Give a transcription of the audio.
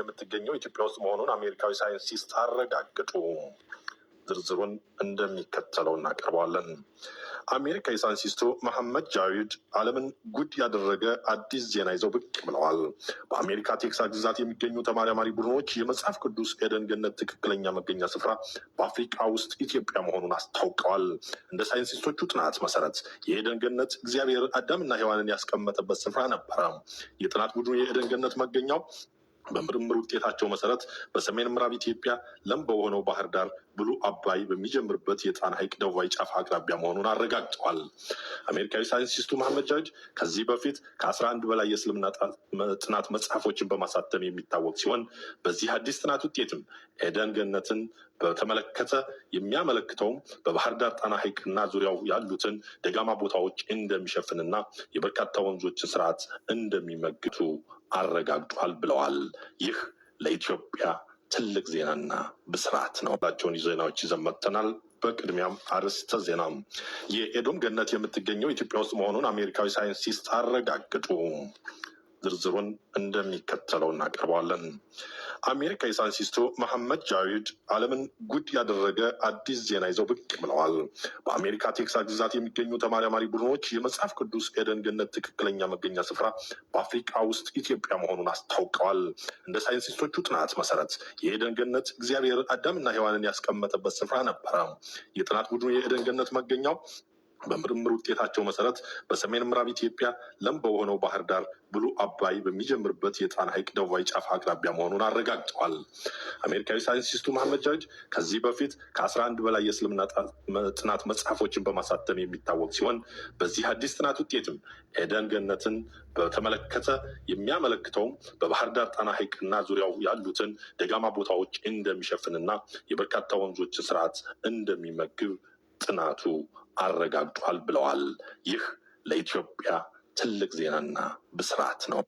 የምትገኘው ኢትዮጵያ ውስጥ መሆኑን አሜሪካዊ ሳይንሲስ አረጋግጡ። ዝርዝሩን እንደሚከተለው እናቀርበዋለን። አሜሪካዊ ሳይንቲስቱ መሐመድ ጃዊድ ዓለምን ጉድ ያደረገ አዲስ ዜና ይዘው ብቅ ብለዋል። በአሜሪካ ቴክሳስ ግዛት የሚገኙ ተመራማሪ ቡድኖች የመጽሐፍ ቅዱስ ኤደን ገነት ትክክለኛ መገኛ ስፍራ በአፍሪካ ውስጥ ኢትዮጵያ መሆኑን አስታውቀዋል። እንደ ሳይንሲስቶቹ ጥናት መሰረት የኤደን ገነት እግዚአብሔር አዳምና ሔዋንን ያስቀመጠበት ስፍራ ነበረ። የጥናት ቡድኑ የኤደን ገነት መገኛው በምርምር ውጤታቸው መሰረት በሰሜን ምዕራብ ኢትዮጵያ ለም በሆነው ባህር ዳር ብሉ አባይ በሚጀምርበት የጣና ሐይቅ ደቡባዊ ጫፍ አቅራቢያ መሆኑን አረጋግጠዋል። አሜሪካዊ ሳይንቲስቱ መሐመድ ጃጅ ከዚህ በፊት ከአስራ አንድ በላይ የእስልምና ጥናት መጽሐፎችን በማሳተም የሚታወቅ ሲሆን በዚህ አዲስ ጥናት ውጤትም ኤደን ገነትን በተመለከተ የሚያመለክተውም በባህር ዳር ጣና ሐይቅና ዙሪያው ያሉትን ደጋማ ቦታዎች እንደሚሸፍንና የበርካታ ወንዞችን ስርዓት እንደሚመግቱ አረጋግጧል ብለዋል። ይህ ለኢትዮጵያ ትልቅ ዜናና ብስራት ነው። ላቸውን ዜናዎች ይዘን መጥተናል። በቅድሚያም አርዕስተ ዜና። የኤዶም ገነት የምትገኘው ኢትዮጵያ ውስጥ መሆኑን አሜሪካዊ ሳይንሲስት አረጋግጡ። ዝርዝሩን እንደሚከተለው እናቀርበዋለን። አሜሪካ የሳይንቲስቱ መሐመድ ጃዊድ ዓለምን ጉድ ያደረገ አዲስ ዜና ይዘው ብቅ ብለዋል። በአሜሪካ ቴክሳስ ግዛት የሚገኙ ተመራማሪ ቡድኖች የመጽሐፍ ቅዱስ ኤደን ገነት ትክክለኛ መገኛ ስፍራ በአፍሪካ ውስጥ ኢትዮጵያ መሆኑን አስታውቀዋል። እንደ ሳይንቲስቶቹ ጥናት መሰረት የኤደን ገነት እግዚአብሔር አዳምና ሔዋንን ያስቀመጠበት ስፍራ ነበረ። የጥናት ቡድኑ የኤደን ገነት መገኛው በምርምር ውጤታቸው መሰረት በሰሜን ምዕራብ ኢትዮጵያ ለም በሆነው ባህር ዳር ብሉ አባይ በሚጀምርበት የጣና ሐይቅ ደቡባዊ ጫፍ አቅራቢያ መሆኑን አረጋግጠዋል። አሜሪካዊ ሳይንቲስቱ መሐመድ ጃጅ ከዚህ በፊት ከአስራ አንድ በላይ የእስልምና ጥናት መጽሐፎችን በማሳተም የሚታወቅ ሲሆን በዚህ አዲስ ጥናት ውጤትም ኤደን ገነትን በተመለከተ የሚያመለክተውም በባህር ዳር ጣና ሐይቅና ዙሪያው ያሉትን ደጋማ ቦታዎች እንደሚሸፍንና የበርካታ ወንዞችን ስርዓት እንደሚመግብ ጥናቱ አረጋግጧል ብለዋል። ይህ ለኢትዮጵያ ትልቅ ዜናና ብስራት ነው።